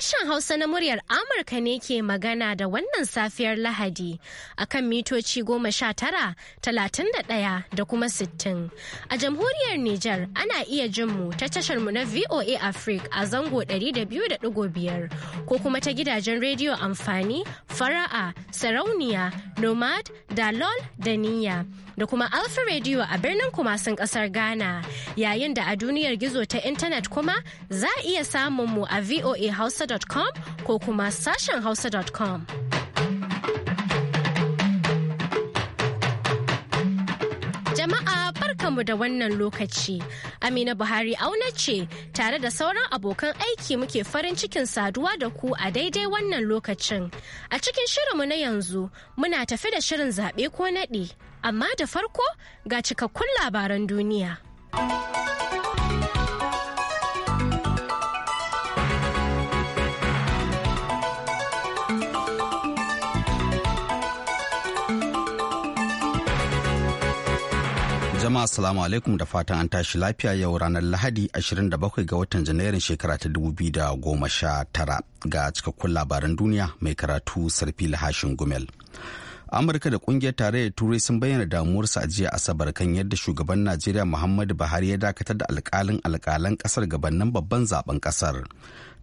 Sashen Hausa na muryar Amurka ne ke magana da wannan safiyar Lahadi a kan mitoci goma sha tara, talatin da ɗaya da kuma sittin. A jamhuriyar Nijar ana iya jin mu ta tashar mu na VOA Africa a zango da da biyu 200.5 ko kuma ta gidajen rediyo amfani, fara'a, sarauniya, nomad, dalol da niyya. Da kuma Alfa Radio a birnin kumasin kasar Ghana yayin da a duniyar gizo ta intanet kuma za a iya samun mu a VOA Hausa hausa.com ko kuma sashen hausa.com. Jama'a barkamu da wannan lokaci. Amina Buhari auna ce tare da sauran abokan aiki muke farin cikin saduwa da ku a daidai wannan lokacin. A cikin shirinmu na yanzu muna tafi da shirin zaɓe ko naɗi, amma da farko ga cikakkun labaran duniya. Jama'a assalamu alaikum da fatan an tashi lafiya yau ranar Lahadi 27 ga watan Janairun shekara ta 2019 ga cikakkun labaran duniya mai karatu sarfi lahashin gumel. Amurka da kungiyar tarayyar Turai sun bayyana damuwarsu a jiya Asabar kan yadda shugaban Najeriya Muhammadu Buhari ya dakatar da alkalin alkalan kasar gabanin babban zaben kasar.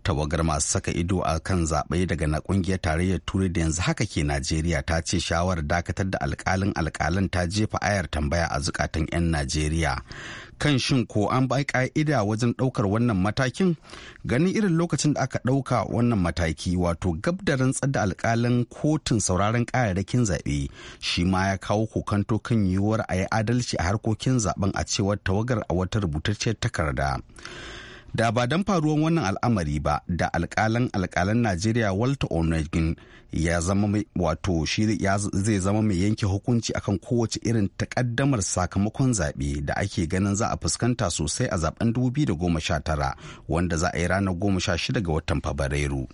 tawagar masu saka ido a kan zaɓe daga na ƙungiyar tarayyar turai da yanzu haka ke najeriya ta ce shawarar dakatar da alƙalin alƙalin ta jefa ayar tambaya a zukatan 'yan najeriya kan shin ko an bai ka'ida wajen ɗaukar wannan matakin ganin irin lokacin da aka ɗauka wannan mataki wato gab da rantsar da alƙalin kotun sauraron ƙararrakin zaɓe shi ma ya kawo kokanto kan yiwuwar a yi adalci a harkokin zaɓen a cewar tawagar a wata rubutacciyar takarda da ba don faruwan wannan al'amari ba da alkalan alkalan najeriya walter onegin ya zama mai wato shi zai zama mai yanke hukunci akan kowace irin takaddamar sakamakon zaɓe da ake ganin za a fuskanta sosai a zaben 2019 wanda za a yi ranar 16 ga watan fabrairu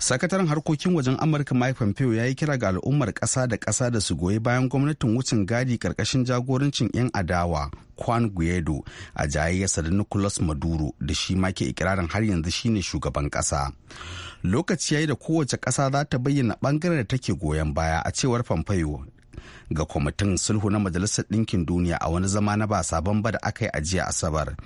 sakataren harkokin wajen amurka mike pompeo ya yi kira ga al'ummar ƙasa da ƙasa da su goyi bayan gwamnatin wucin gadi ƙarƙashin jagorancin 'yan adawa kwan guedo a jayayyarsa da nicolas maduro da shi ma ke ikirarin har yanzu shine shugaban ƙasa lokaci ya yi da kowace ƙasa za ta bayyana ɓangaren da take goyon baya a cewar pompeo ga kwamitin sulhu na majalisar ɗinkin duniya a wani zama na ba sabon ba da aka yi a asabar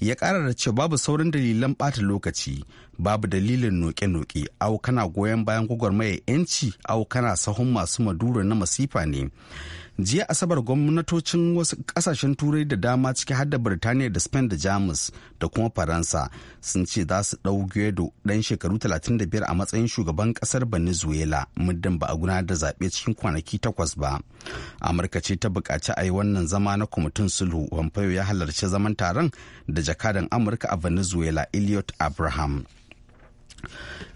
ya ƙara da cewa babu saurin dalilan ɓata lokaci babu dalilin noke-noke au kana goyon bayan gwagwarmayar yanci au kana sahun masu maduro na masifa ne jiya asabar gwamnatocin wasu kasashen turai da dama ciki har da birtaniya da spain da jamus da kuma faransa sun ce za su ɗau gedo ɗan shekaru 35 a matsayin shugaban ƙasar venezuela muddin ba a gudanar da zaɓe cikin kwanaki takwas ba amurka ce ta bukaci a yi wannan zama na kwamitin sulhu pompeo ya halarci zaman taron da jakadan amurka a venezuela elliot abraham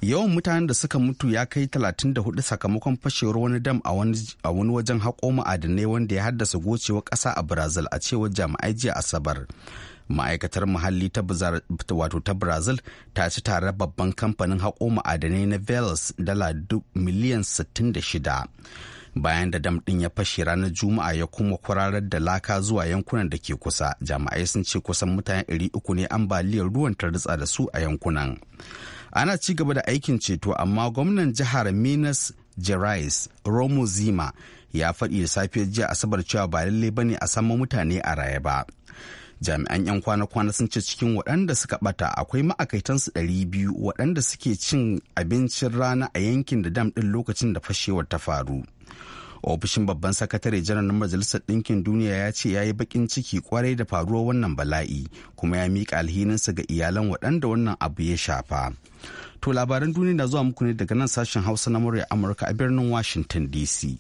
yawan mutanen da suka mutu ya kai 34 sakamakon fashewar wani dam a wani wajen haƙo ma'adanai wanda ya haddasa gocewa ƙasa a brazil a cewar jami'ai jiya asabar ma'aikatar muhalli ta brazil ta ci tare babban kamfanin haƙo ma'adanai na velas dala miliyan 66 bayan da dam ɗin ya fashe ranar juma'a ya kuma kwararar da laka zuwa yankunan da ke kusa jama'ai sun ce kusan mutane uku ne ambaliyar ruwan ta ritsa da su a yankunan ana ci gaba da aikin ceto amma gwamnan jihar minas gerais romo zima ya faɗi da safiyar jiya asabar cewa ba lallai bane a samu mutane a raye ba jami'an 'yan kwana-kwana sun ce cikin waɗanda suka bata akwai ma'akaitansu 200 waɗanda suke cin abincin rana a yankin da dam ɗin lokacin da fashewar ta faru ofishin babban sakatare janar na majalisar ɗinkin duniya ya ce ya yi baƙin ciki kwarai da faruwar wannan bala'i kuma ya miƙa alhininsa ga iyalan waɗanda wannan abu ya shafa to labaran duniya na zuwa muku ne daga nan sashen hausa na murya amurka a birnin washington dc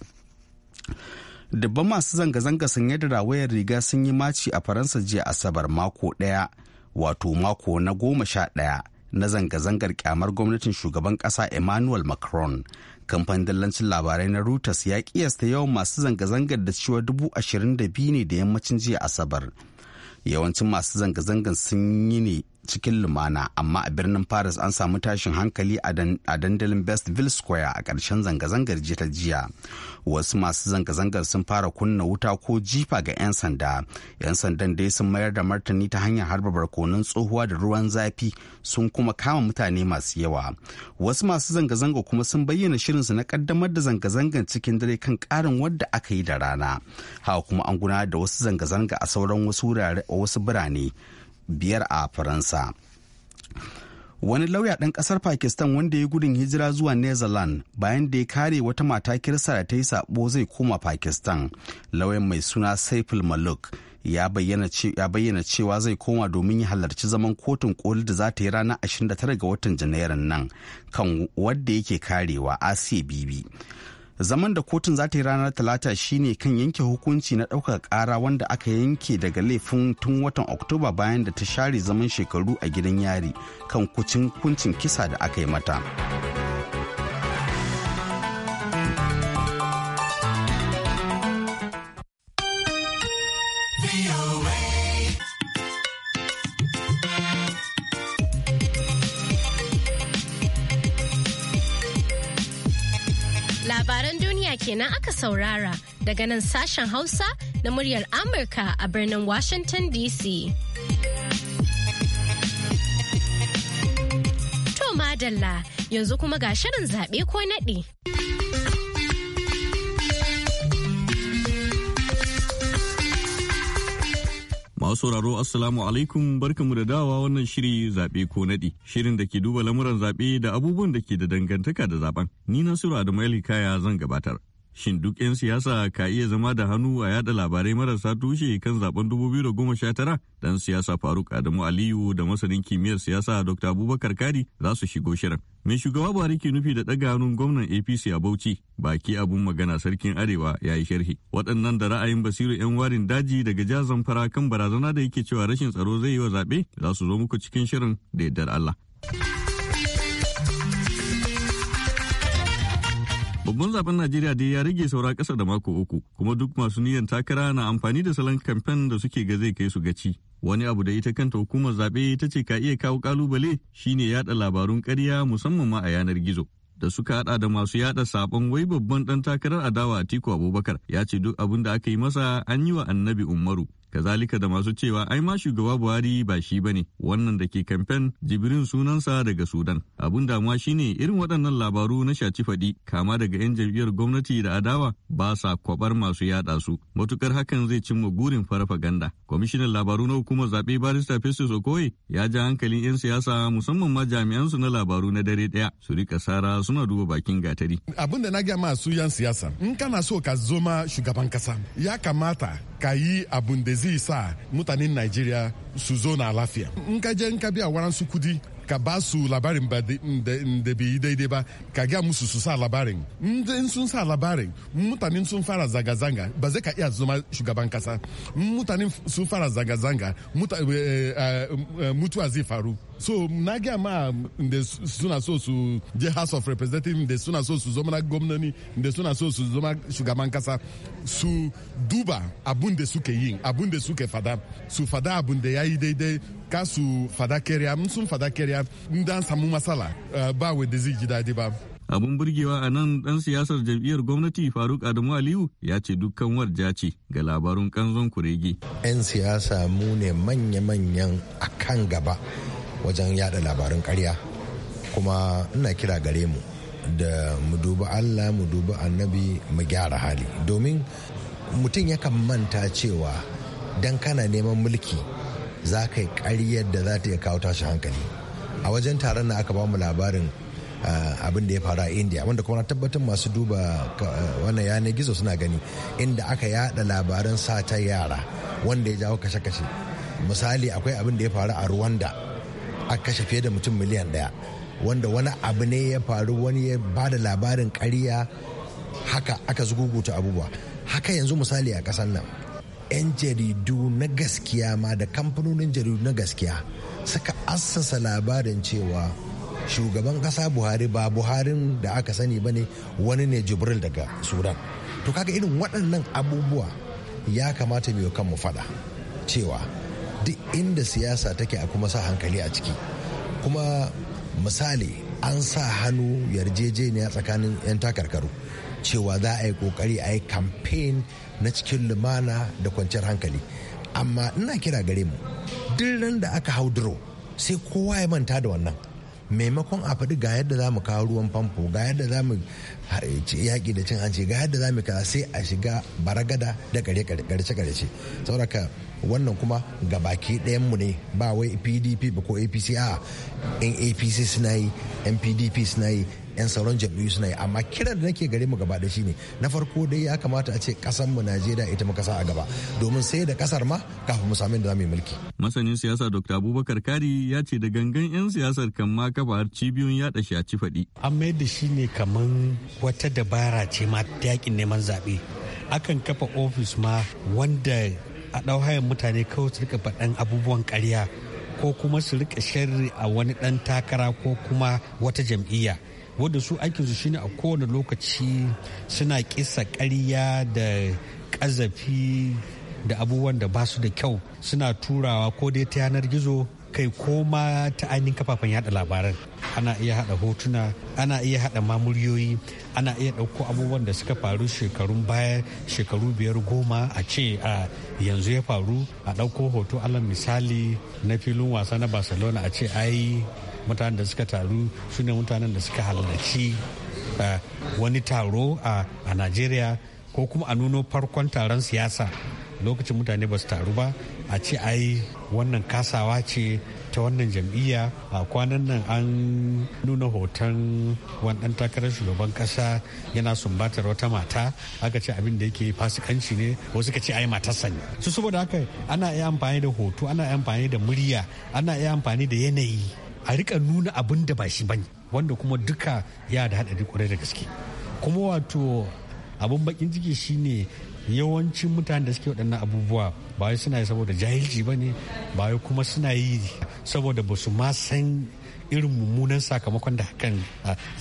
dubban masu zanga-zanga sanye da rawayar riga sun yi maci a faransa jiya asabar mako ɗaya wato mako na goma sha ɗaya na zanga-zangar kyamar gwamnatin shugaban kasa emmanuel macron kamfanin dillancin labarai na reuters ya kiyasta yawan masu zanga-zangar da cewa dubu ashirin da biyu ne da yammacin jiya asabar yawancin masu zanga-zangar sun yi ne cikin lumana amma a birnin paris an samu tashin hankali a dandalin bestville square a ƙarshen zanga-zangar jita jiya wasu masu zanga-zangar sun fara kunna wuta ko jifa ga 'yan sanda 'yan sandan dai sun mayar da martani ta hanyar harba barkonon tsohuwa da ruwan zafi sun kuma kama mutane masu yawa wasu masu zanga-zanga kuma sun bayyana shirinsu na kaddamar da zanga-zangar cikin dare kan karin wadda aka yi da rana haka kuma an gudanar da wasu zanga-zanga a sauran wasu birane biyar a faransa wani lauya ɗan ƙasar pakistan wanda ya gudun hijira zuwa netherlands bayan da ya kare wata mata kirsa da ta yi sabo zai koma pakistan lauyan mai suna saiful maluk ya bayyana cewa zai koma domin ya halarci zaman kotun koli da za ta yi ranar 29 ga watan janairun nan kan wadda yake karewa asiya bibi zaman da kotun za ta yi ranar talata shine kan yanke hukunci na ɗaukar ƙara wanda aka yanke daga laifin tun watan oktoba bayan da ta share zaman shekaru a gidan yari kan kucin kuncin kisa da aka yi mata. kenan aka saurara daga nan sashen Hausa na muryar Amurka a birnin Washington DC. To madalla yanzu kuma ga shirin zaɓe ko naɗi. Masu sauraro Assalamu alaikum barkanmu da dawa wannan shiri zaɓe ko naɗi. Shirin da ke duba lamuran zaɓe da abubuwan da ke da dangantaka da zaɓen. Ni Nasiru Adamu kaya zan gabatar. Shin duk 'yan siyasa ka iya zama da hannu a yada labarai marasa tushe kan zaben 2019? Dan siyasa Faruk Adamu Aliyu da masanin kimiyyar siyasa Dr. Abubakar Kari za su shigo shirin. Mai shugaba Buhari ke nufi da ɗaga hannun gwamnan APC a Bauchi baki abun magana sarkin Arewa ya yi sharhi. Waɗannan da ra'ayin basiru 'yan warin daji daga jazan zamfara kan barazana da yake cewa rashin tsaro zai yi wa zaɓe za su zo muku cikin shirin da yardar Allah. Babban zaben Najeriya dai ya rage saura kasa da mako uku, kuma duk masu niyan takara na amfani da salon kamfen da suke ga zai kai su gaci. Wani abu da ita kanta hukumar zaɓe ta ce ka iya kawo ƙalubale shine yada labarun karya musamman ma a yanar gizo. da suka hada da masu yada sabon wai babban dan takarar adawa Atiku Abubakar ya ce duk abin da aka yi masa an yi wa Annabi Umaru kazalika da masu cewa ai ma shugaba buhari ba shi bane wannan da ke kamfen jibrin sunansa daga sudan abun damuwa shine irin waɗannan labaru na shaci faɗi kama daga 'yan jam'iyyar gwamnati da adawa ba sa kwabar masu yada su matukar hakan zai cimma gurin farfaganda kwamishinan labaru na hukumar zaɓe barista festus okoye ya ja hankalin 'yan siyasa musamman ma jami'an su na labaru na dare ɗaya su rika sara suna duba bakin gatari abin da na gaya masu 'yan siyasa in kana so ka zoma shugaban kasa ya kamata ka yi abun da zai sa mutanen Najeriya su zo na lafiya. In ka je in ka biya waransu kudi ka ba su labarin ba da bai daidai ba ka ga musu su sa labarin in sun sa labarin mutanen sun fara zanga-zanga ba zai ka iya zama shugaban kasa mutanen sun fara zanga-zanga eh, eh, eh, mutuwa zai faru so na gaya ma da suna so su je house of representatives da suna so su zama gwamnoni da suna so su zama shugaban kasa su duba abun da suke yi abun da suke fada su fada abun da ya yi daidai ka su fada kariya sun fada kariya dan samu masala eh, ba da zai ji daɗi ba abun burgewa a nan dan siyasar jam'iyyar gwamnati faruk adamu aliyu ya ce dukkan warja ce ga labarun kanzon kurege 'yan siyasa mu ne manya-manyan a kan gaba wajen yada labarin karya kuma ina kira gare mu da mu duba allah mu duba annabi mu gyara hali domin mutum yakan manta cewa dan kana neman mulki za ka yi karyar da za ta iya kawo tashi hankali a wajen taron na aka ba mu labarin ah, abin da ya faru a india wanda kuma na tabbatar masu duba wannan yanar gizo suna gani inda aka yada labaran sata yara wanda ya jawo kashe-kashe misali akwai abin da ya faru a rwanda a kashe fiye da mutum miliyan daya wanda wani abu ne ya faru wani ya ba da labarin ƙarya haka aka zuguguta abubuwa haka yanzu misali a ƙasar nan 'yan jaridu na gaskiya ma da kamfanonin jaridu na gaskiya suka assasa labarin cewa shugaban ƙasa buhari ba buharin da aka sani ba ne wani ne jibril daga sudan to kaga irin waɗannan abubuwa ya kamata mu kan mu faɗa cewa duk inda siyasa take a kuma sa hankali a ciki kuma misali an sa hannu yarjejeniya tsakanin 'yan takarkaru cewa za a yi kokari a yi kamfen na cikin lumana da kwanciyar hankali amma ina kira gare mu duk ran da aka hau duro sai kowa ya manta da wannan maimakon a faɗi ga yadda za mu kawo ruwan famfo ga yadda za mu yaƙi da cin hanci ga yadda za mu kaza sai a shiga baragada da gare karce sauraka wannan kuma ga baki mu ne ba wai pdp ba ko apc a in apc suna yi yan pdp suna yi yan sauran jam'iyyu suna yi amma kiran da nake gare mu gaba da shine na farko dai ya kamata a ce kasan mu najeriya ita mu kasa a gaba domin sai da kasar ma kafin mu samu da mu yi mulki masanin siyasa dr abubakar kari ya ce da gangan yan siyasar kan ma kafa cibiyoyin yada shi a ci faɗi an mayar da shi ne kaman wata dabara ce ma ta yakin neman zaɓe akan kafa ofis ma wanda a ɗau hayan mutane kawai su rika faɗan abubuwan ƙarya ko kuma su rika sharri a wani ɗan takara ko kuma wata jam'iyya wanda su aikinsu shine a kowane lokaci suna kisa ƙarya da ƙazafi da abubuwan da ba su da kyau suna turawa ko dai ta yanar gizo kai ko ma ta ainihin kafafen yada labaran ana iya haɗa hotuna ana iya haɗa mamuriyoyi ana iya ɗauko abubuwan da suka faru shekarun baya shekaru biyar goma a ce a yanzu ya faru a ɗauko hoto alan misali na filin wasa na barcelona a ce ai mutanen da suka taru su ne mutanen da suka halarci wani taro a najeriya ko kuma a nuno farkon taron siyasa lokacin mutane ba su taru ba a ce ai wannan kasawa ce ta wannan jam'iyya a kwanan nan an nuna hoton wani ɗan takarar shugaban kasa yana sumbatar wata mata aka ce abin da yake fasikanci ne wasu ka ce ai matarsa ne su saboda haka ana iya amfani da hoto ana iya amfani da murya ana iya amfani da yanayi a rika nuna abin da ba shi bane wanda kuma duka ya da haɗari kwarai da gaske kuma wato abun bakin ciki shine yawancin mutanen da suke waɗannan abubuwa bayan suna yi saboda jahilci ba ne bayan kuma suna yi saboda ba su ma san irin mummunan sakamakon da hakan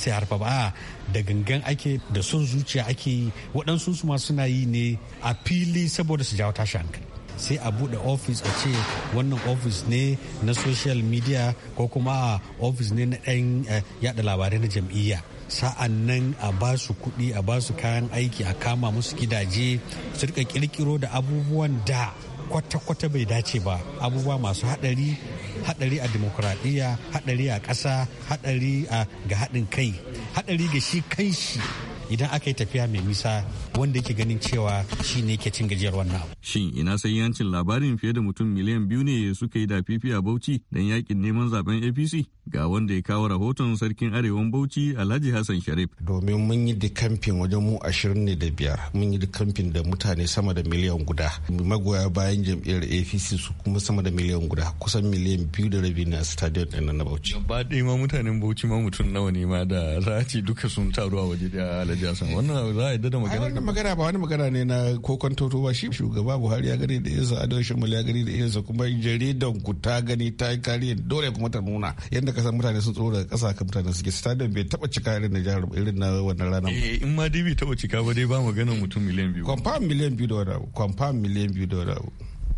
sai harfa ba da gangan ake da son zuciya ake yi waɗansu su ma suna yi ne a fili saboda su jawo tashi hankali sai a buɗe ofis a ce wannan ofis ne na social media ko kuma ofis ne na ɗan eh, yada labarai na jam'iyya sa'an nan a ba su kuɗi a ba su kayan aiki a kama musu gidaje su rika kirkiro da abubuwan da kwata-kwata bai dace ba abubuwa masu haɗari haɗari a demokuraɗiyya haɗari a ƙasa haɗari ga haɗin kai haɗari ga shi kai shi. idan aka yi tafiya mai nisa wanda yake ganin cewa shi ne ke cin gajiyar wannan abu. Shin ina sai yancin labarin fiye da mutum miliyan biyu ne suka yi dafifi a Bauchi don yakin neman zaben APC? Ga wanda ya kawo rahoton sarkin arewan Bauchi Alhaji Hassan Sharif. Domin mun yi kamfin wajen mu ashirin ne da biyar mun yi kamfin da mutane sama da miliyan guda. Magoya bayan jam'iyyar APC su kuma sama da miliyan guda kusan miliyan biyu da rabi na stadion ɗin na Bauchi. ba ɗaya ma mutanen Bauchi ma mutum nawa ne ma da za a ce duka sun taru a waje da da jasa wannan za a yadda da magana wannan magana ba wani magana ne na kokon toto ba shi shugaba buhari ya gani da yansa ado shimal ya gani da yansa kuma jaridan ku ta gani ta yi kariyar dole kuma ta nuna yadda san mutane sun tsoro daga ƙasa kan mutane suke stadion bai taɓa cika irin na jihar irin na wannan rana eh, in ma dai bai taɓa cika ba dai ba maganar mutum miliyan biyu kwamfam miliyan biyu da wani abu kwamfam miliyan biyu da wani abu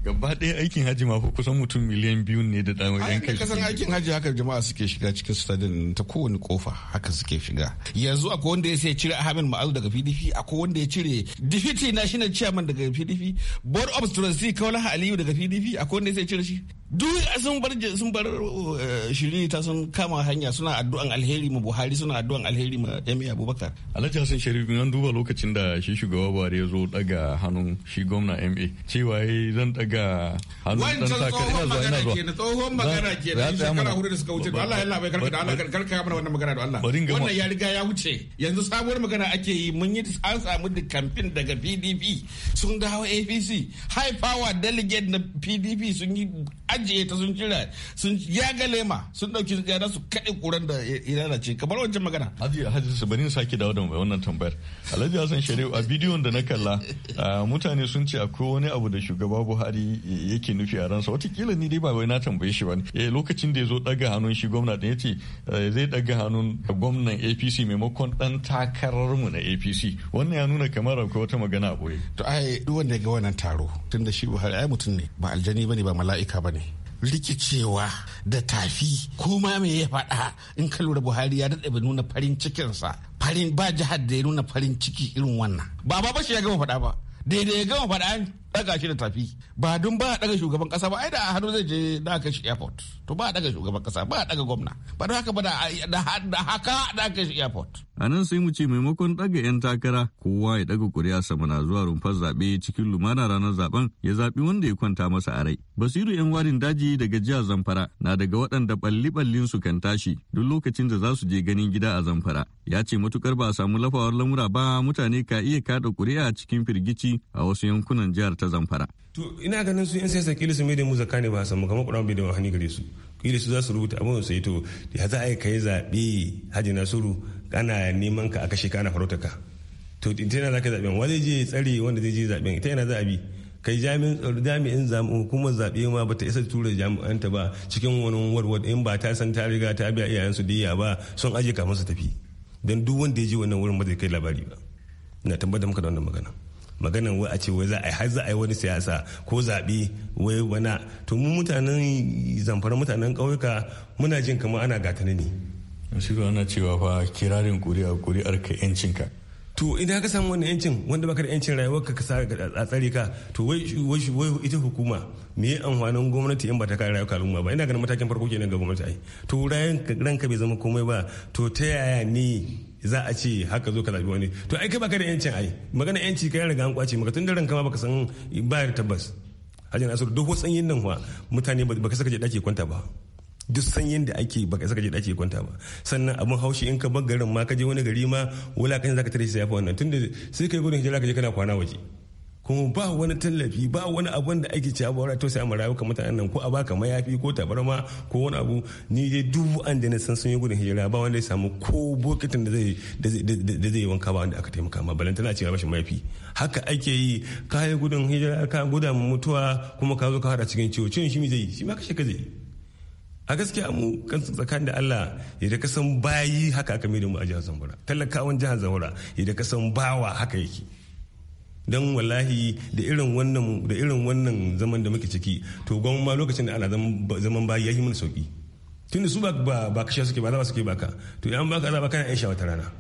gaba ɗaya aikin hajji ma kusan mutum miliyan biyu ne da dama yan kai kasan aikin hajji haka jama'a suke shiga cikin stadin ta kowane kofa haka suke shiga yanzu akwai wanda ya sai cire Ahmed Ma'azu daga PDP akwai wanda ya cire Deputy National Chairman daga PDP Board of trustee Kaulaha Aliyu daga PDP akwai wanda ya sai cire shi duk sun bar sun bar eh, shirin ta sun kama hanya suna addu'an alheri ma Buhari suna addu'an alheri ma Yemi Abubakar Alhaji Hassan Sharif nan duba lokacin da shi shugaba Buhari ya zo daga hannun shi gwamna MA cewa yayi zan daga hannun dan saka ina zuwa ina zuwa tsohon magana ke da shekara hudu da suka wuce to Allah ya labai karka da Allah karka mana wannan magana da Allah wannan ya riga ya wuce yanzu sabuwar magana ake yi mun yi an samu da campaign daga PDP sun dawo APC high power delegate na PDP sun yi ajiye ta sun cira sun ya ga lema sun dauki yaran su kaɗe kuran da ya lalace kamar wancan magana haji haji su bari sake dawo da mai wannan tambayar alhaji hasan shari'u a bidiyon da na kalla mutane sun ce akwai wani abu da shugaba buhari yake nufi a ransa watakila ni dai ba wai na tambaye shi ba ne eh, lokacin da ya zo daga hannun shi gwamna da ya ce eh, zai daga hannun gwamnan apc maimakon dan takarar mu na apc wannan ya nuna kamar akwai wata magana a boye to ai duk wanda ga wannan taro tunda da shi buhari ai mutum ne ba aljani bane ba mala'ika bane rikicewa da tafi ko ma ya faɗa in ka lura buhari ya daɗa nuna farin cikinsa farin ba jihar da ya nuna farin ciki irin wannan ba ba shi ya gama faɗa ba daidai ya gama faɗa an daga shi da tafi ba don ba a daga shugaban kasa ba ai da hannu zai je da aka shi airport to ba a daga shugaban kasa ba a daga gwamna ba da haka ba da haka da aka shi airport A nan sai mu ce maimakon ɗaga 'yan takara kowa ya ɗaga ƙuri'a sama na zuwa rumfar zaɓe cikin lumana ranar zaben ya zaɓi wanda ya kwanta masa a rai. Basiru 'yan warin daji daga jihar Zamfara na daga waɗanda ɓalli-ɓallin su kan tashi duk lokacin da za su je ganin gida a Zamfara. Ya ce matukar ba a samu lafawar lamura ba mutane ka iya kaɗa ƙuri'a cikin firgici a wasu yankunan jihar ta Zamfara. To ina ganin su 'yan siyasa kila su mai da mu zakka ne ba a samu kamar ƙuran bai da wahani gare su. Kila su za su rubuta abin su yi to ya za a yi kai zaɓe Hajji Nasiru ana neman ka a kashe ka ana farauta ka to ita yana zaka zaben wani je tsare wanda zai je zaɓen ita yana za a bi kai jami'in tsaro jami'in zamu hukumar zaɓe ma bata isa tura ta ba cikin wani warwar in ba ta san ta riga ta biya iyayen su diya ba sun aje ka su tafi don duk wanda ya je wannan wurin ba zai kai labari ba tambayar da maka da wannan magana maganan wai a ce wai za a yi har za a yi wani siyasa ko zaɓe wai wana to mu mutanen zamfara mutanen ƙauyuka muna jin kamar ana gatani ne shi ana cewa fa kirarin kuri'a kuri'ar ka yancinka to idan ka samu wannan yancin wanda baka da yancin rayuwarka ka sa a tsare ka to wai wai ita hukuma me ya amfanin gwamnati in ba ta kare rayuwar al'umma ba ina ganin matakin farko kenan ga gwamnati ai to ka ranka bai zama komai ba to ta yaya ne za a ce haka zo ka zabi wani to ai kai baka da yancin ai magana yanci kai riga an kwace maka tun da ranka ma baka san bayar tabbas hajjan asiru duk wasan yin nan wa mutane baka saka je dake kwanta ba duk sanyin da ake baka saka je dace kwanta ba sannan abin haushi in ka bar garin ma ka je wani gari ma kan zaka tare shi yafi wannan tunda sai kai gudun hijira ka je kana kwana waje kuma ba wani tallafi ba wani abun da ake cewa ba to sai amma rayuka mutanen nan ko a baka mayafi ko tabarma ko wani abu ni dai duk da na san sun yi gudun hijira ba wanda ya samu ko bokitin da zai da zai wanka ba wanda aka taimaka ma na cewa bashi mayafi haka ake yi ka yi gudun hijira ka guda mutuwa kuma ka zo ka hada cikin ciwo ciwon shi zai yi shi ma shi ka zai yi a gaskiya mu tsakanin da Allah ya da kasan bayi haka aka mai da mu a jihar Zamfara talakawan jihar Zamfara ya da kasan bawa haka yake don wallahi da irin wannan da irin wannan zaman da muke ciki to ma lokacin da ana zaman bayi yayi mana sauki da su ba ba kashe suke ba za ke baka to yan baka za baka na yan ta rana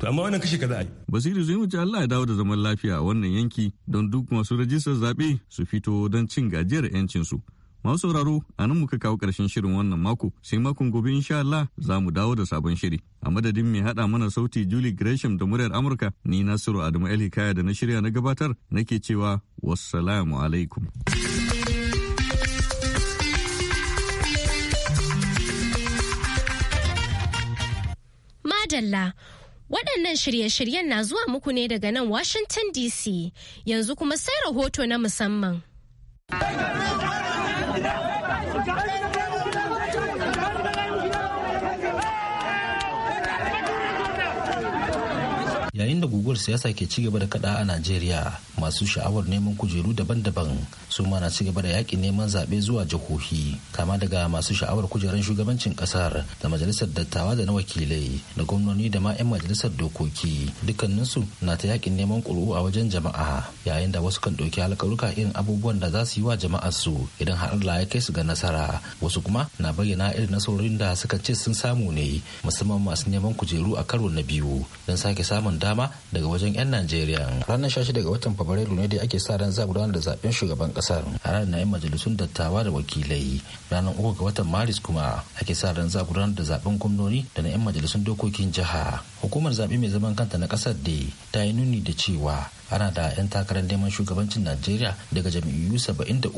to amma wannan kashe kaza ai basiru zai wuce Allah ya dawo da zaman lafiya a wannan yanki don duk masu rajistar zabe su fito don cin gajiyar yancin su Masu sauraro a nan muka kawo karshen shirin wannan mako sai makon gobe insha Allah za mu dawo da sabon shiri. A madadin mai haɗa mana sauti Julie Gresham da muryar Amurka ni Nasiru Adamu El kaya da na shirya na gabatar nake cewa wassalamu alaikum. Madalla Waɗannan shirye-shiryen na zuwa muku ne daga nan Washington DC yanzu kuma sai rahoto na musamman. yayin da guguwar siyasa ke cigaba da kada a najeriya masu sha'awar neman kujeru daban-daban su ma na ci gaba da yakin neman zaɓe zuwa jihohi kama daga masu sha'awar kujerar shugabancin ƙasar da majalisar dattawa da na wakilai da gwamnoni da ma 'yan majalisar dokoki dukkaninsu na ta yaƙin neman ƙuri'u a wajen jama'a yayin da wasu kan ɗauki alƙaluka irin abubuwan da za su yi wa jama'ar su idan har Allah ya kai su ga nasara wasu kuma na bayyana irin nasarorin da suka ce sun samu ne musamman masu neman kujeru a karo na biyu don sake samun da dama daga wajen 'yan Najeriya. Ranar 16 ga watan Fabrairu ne da ake sa ran za gudanar da zaben shugaban kasar. A ranar na 'yan majalisun dattawa da wakilai. Ranar 3 ga watan Maris kuma ake sa ran za gudanar da zaben gwamnoni da na 'yan majalisun dokokin jiha. Hukumar zaɓe mai zaman kanta na kasar da ta yi nuni da cewa ana da 'yan takarar neman shugabancin najeriya daga jam'iyyu 73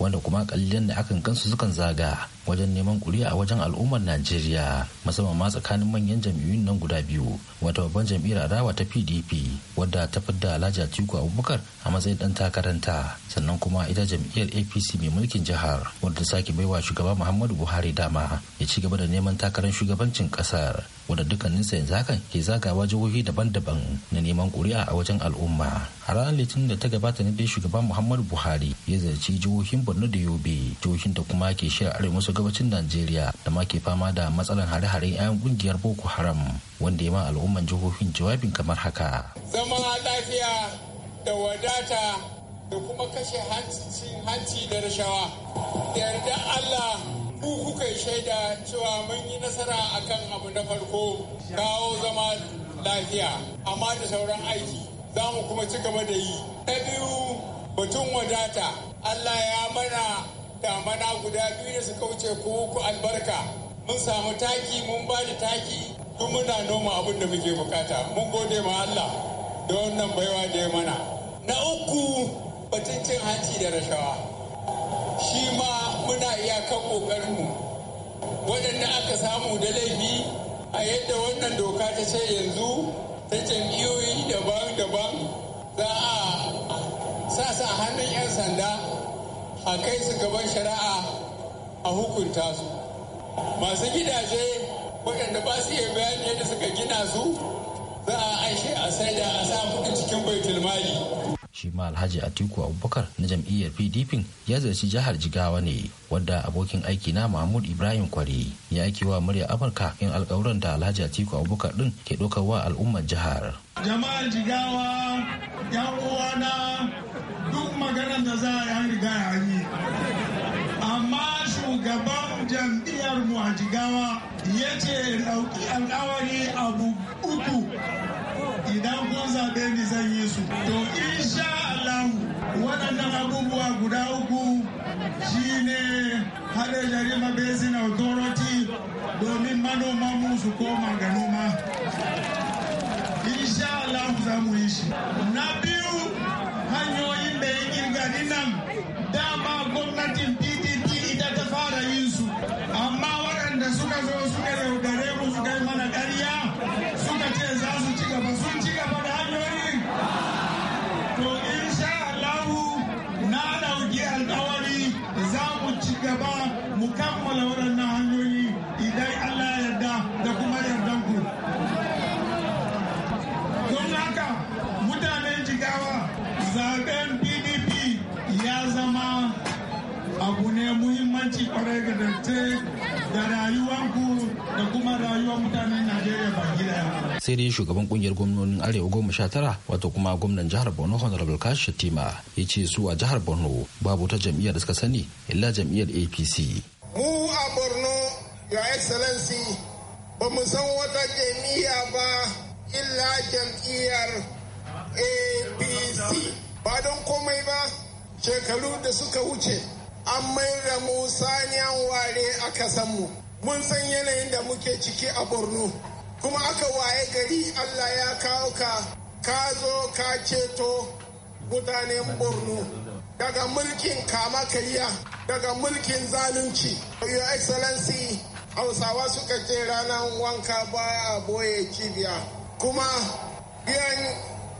wanda kuma kalilan da akan kansu sukan zaga wajen neman kuri'a a wajen al'ummar najeriya musamman ma tsakanin manyan jam'iyyun nan guda biyu wata babban jam'iyyar adawa ta pdp wadda ta fidda alhaji atiku abubakar a matsayin dan takaranta sannan kuma ita jam'iyyar apc mai mulkin jihar wadda ta sake baiwa shugaba muhammadu buhari dama ya ci gaba da neman takarar shugabancin kasar wanda dukkaninsa yanzu hakan ke zagawa jihohi daban-daban na neman ƙuri'a a wajen al'umma a ranar litinin da ta gabata ne dai shugaban muhammadu buhari ya zarci jihohin borno da yobe jihohin da kuma ke shiyar arewa maso gabacin najeriya da ma ke fama da matsalar hare-haren 'yan kungiyar boko haram wanda ya ma al'umman jihohin jawabin kamar haka zama lafiya da wadata da kuma kashe hanci da rashawa da yarda allah ku kuka yi shaida cewa mun yi nasara akan abu na farko kawo zama lafiya amma da sauran aiki za mu kuma ci gaba da yi ta biyu batun wadata allah ya mana damana guda biyu da suka wuce ku ku albarka mun samu taki mun ba da taki duk muna noma abin da muke bukata mun gode ma allah da wannan baiwa da ya mana na uku batun cin hanci da rashawa muna kan ƙoƙarinmu waɗanda aka samu da laifi a yadda wannan doka ta ce yanzu ta jam'iyyoyi daban-daban za a sasa hannun 'yan sanda a kai su gaban shari'a a hukunta su masu gidaje waɗanda ba su iya bayani yadda suka gina su za a aishe a saida a sa kuɗi cikin baitulmali. shi ma alhaji atiku abubakar na jam'iyyar pdp ya zarci jihar jigawa ne wadda abokin aiki na mahmud ibrahim kwari ya aiki wa murya amurka in alkawuran da alhaji atiku abubakar din ke ɗaukar wa al'ummar jihar jama'ar jigawa yan uwana duk maganar da za a yi riga yi amma shugaban jam'iyyar mu a jigawa ya ce ɗauki alkawari abu uku idan kun zaɓe ni zan yi su to insha Allah waɗannan abubuwa guda uku shine haɗe jarima basin authority domin manoma mu su koma ga za mu yi shi na biyu hanyoyin da ya kirgani zo suka yaudare mu su kai mana ƙarya suka ce za su ci gaba sun ci gaba da hanyoyi to insha Allahu na dauki alƙawari za mu ci gaba mu kammala waɗannan hanyoyi idan Allah ya yarda da kuma yardan ku don haka mutanen jigawa zaben PDP ya zama abu ne muhimmanci kwarai da dace da rayuwanku da kuma rayuwar mutanen Najeriya Sai dai shugaban kungiyar gwamnonin Arewa goma sha tara wato kuma gwamnan jihar Borno Honorable Kashi Shatima ya ce su a jihar Borno babu ta jam'iyyar da suka sani illa jam'iyyar APC. Mu a Borno ya Excellency ba mu san wata jam'iyya ba illa jam'iyyar APC ba don komai ba shekaru da suka wuce an mai da mu saniyan ware a mu. mun san yanayin da muke ciki a borno kuma aka waye gari allah ya kawo ka ka zo ka ceto mutanen borno daga mulkin kama karya daga mulkin zalunci your excellency hausawa suka ce ranar wanka baya boye kibiya kuma biyan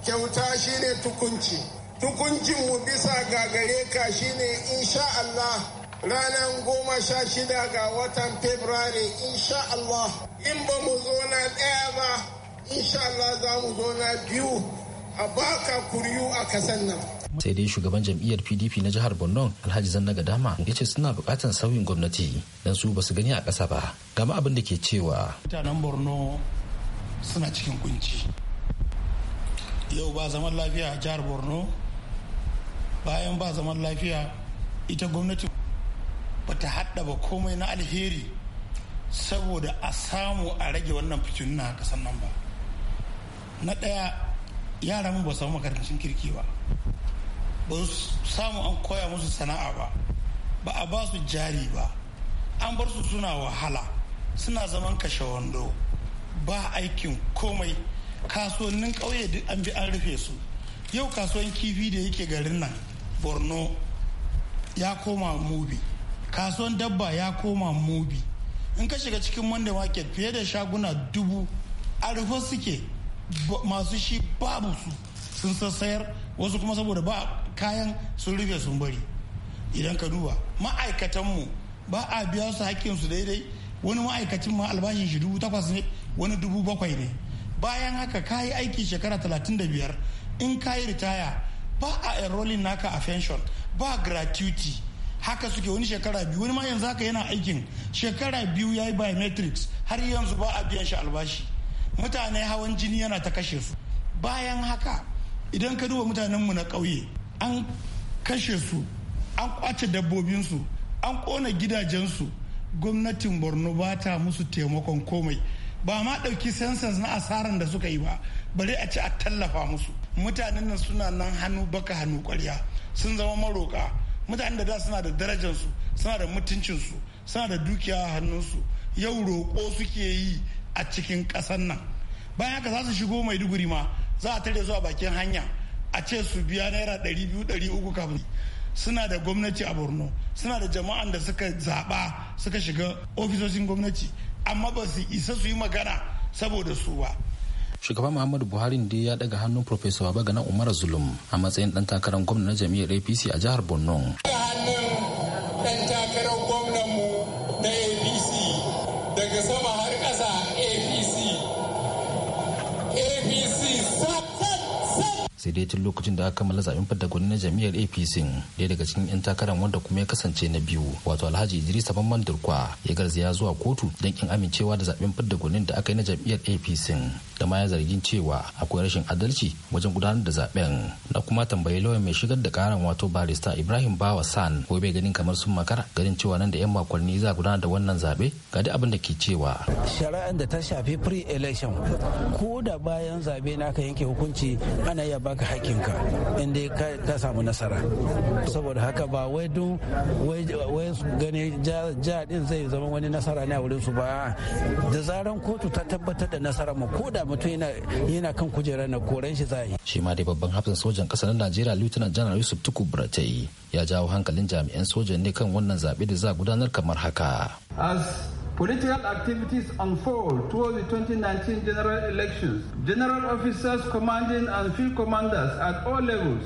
kyauta shine tukunci Hukuncinmu bisa ga gare ka shine insha Allah ranar goma sha shida ga watan Fabrairu insha Allah in ba mu zo na ɗaya ba insha Allah za mu zo na biyu a baka kuryu a kasan nan. sai dai shugaban jam'iyyar pdp na jihar borno alhaji zannaga dama ya ce suna bukatan sauyin gwamnati don su ba su gani a ƙasa ba gama abin da ke cewa mutanen borno suna cikin kunci yau ba zaman lafiya a jihar borno bayan ba zaman lafiya ita gwamnati bata ta ba komai na alheri saboda a samu a rage wannan fitinu na kasan nan ba na ɗaya yara mu ba samu makarantun kirki ba ba su samu an koya musu sana'a ba ba a ba su jari ba an bar su suna wahala suna zaman kashe wando ba aikin komai kasuwannin ƙauye duk an bi an rufe su yau kasuwan kifi da yake garin nan borno ya koma mubi kasuwan dabba ya koma mubi in ka shiga cikin monday market fiye da shaguna dubu a rufe suke masu shi babu su sun sassayar wasu kuma saboda ba kayan sun rufe sun bari idan ka duba ma'aikatanmu ba a biya su hakkinsu daidai wani ma'aikacin ma albashin shi dubu takwas ne wani dubu bakwai ne bayan haka ka yi aiki shekara talatin da biyar in ka yi ritaya ba a enrolling naka a pension ba gratuity haka suke wani shekara biyu wani ma yanzu haka yana aikin shekara biyu ya yi biometrics har yanzu ba a biyan shi albashi mutane hawan jini yana ta kashe su bayan haka idan ka duba mutanenmu na ƙauye an kashe su an kwace dabbobinsu an kona gidajensu gwamnatin borno ba ta musu taimakon komai ba ma ɗauki sensas na asaran da suka yi ba bari a ci a tallafa musu mutanen nan suna nan hannu baka hannu ƙwarya sun zama maroka mutanen da da suna da darajarsu suna da mutuncinsu suna da dukiya hannunsu yau roƙo suke yi a cikin ƙasar nan bayan haka za su shigo maiduguri ma za a tare zuwa bakin hanya a ce su biya naira ɗari biyu ɗari uku kafin suna da gwamnati a borno suna da jama'an da suka zaɓa suka shiga ofisoshin gwamnati amma ba su isa su yi magana saboda su ba shugaban muhammadu buhari da ya daga hannun professor babagana umar zulum a matsayin dan takarar gwamna na jami'ar apc a jihar borno sai dai tun lokacin da aka kammala zaben fidda gwani na jami'ar apc daya daga cikin yan takarar wanda kuma ya kasance na biyu wato alhaji idris abamman durkwa ya garzaya zuwa kotu don kin amincewa da zaben fidda da aka yi na jami'ar apc da ma ya zargin cewa akwai rashin adalci wajen gudanar da zaben na kuma tambayi lauyan mai shigar da karan wato barista ibrahim bawa san ko bai ganin kamar sun makara ganin cewa nan da yan makonni za gudanar da wannan zabe ga duk abin da ke cewa shari'ar da ta shafi pre election ko da bayan zabe na aka yanke hukunci ana iya ba baka hakinka inda ka samu nasara saboda haka ba wai dun wai gani ja din zai zama wani nasara ne a wurin su ba da zaran kotu ta tabbatar da nasara mu ko da mutum yana kan kujera na koren shi zai shi ma dai babban hafin sojan ƙasa na Najeriya Lieutenant General Yusuf Tuku Buratai ya jawo hankalin jami'an sojan ne kan wannan zaɓe da za gudanar kamar haka Political activities unfold towards the 2019 general elections. General officers, commanding and field commanders at all levels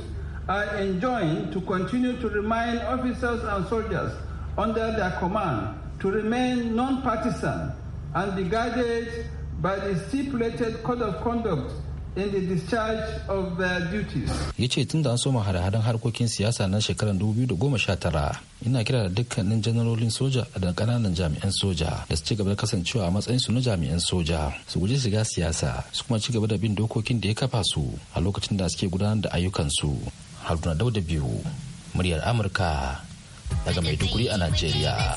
are enjoined to continue to remind officers and soldiers under their command to remain non-partisan and be guided by the stipulated code of conduct in the discharge of their duties. Ya ce tun da an soma hada-hadan harkokin siyasa na shekarar 2019 ina kira da dukkanin janarorin soja da kananan jami'an soja da su ci gaba da kasancewa a matsayin su na jami'an soja su guji shiga siyasa su kuma ci gaba da bin dokokin da ya kafa su a lokacin da suke gudanar da ayyukan ayyukansu. Haruna da biyu muryar Amurka daga Maiduguri a Najeriya.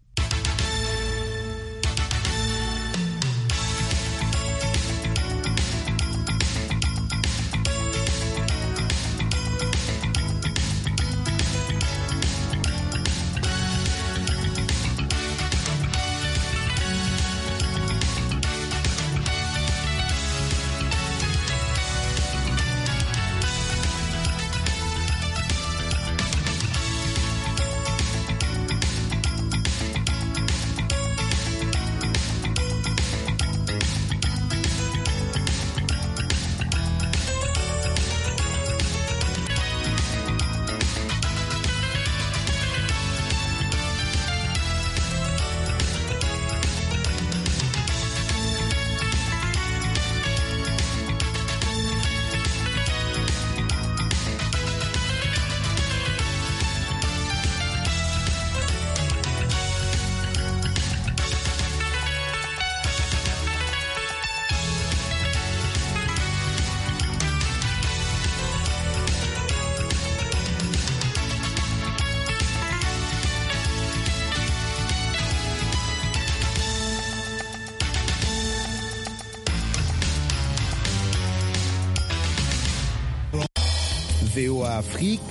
Afrique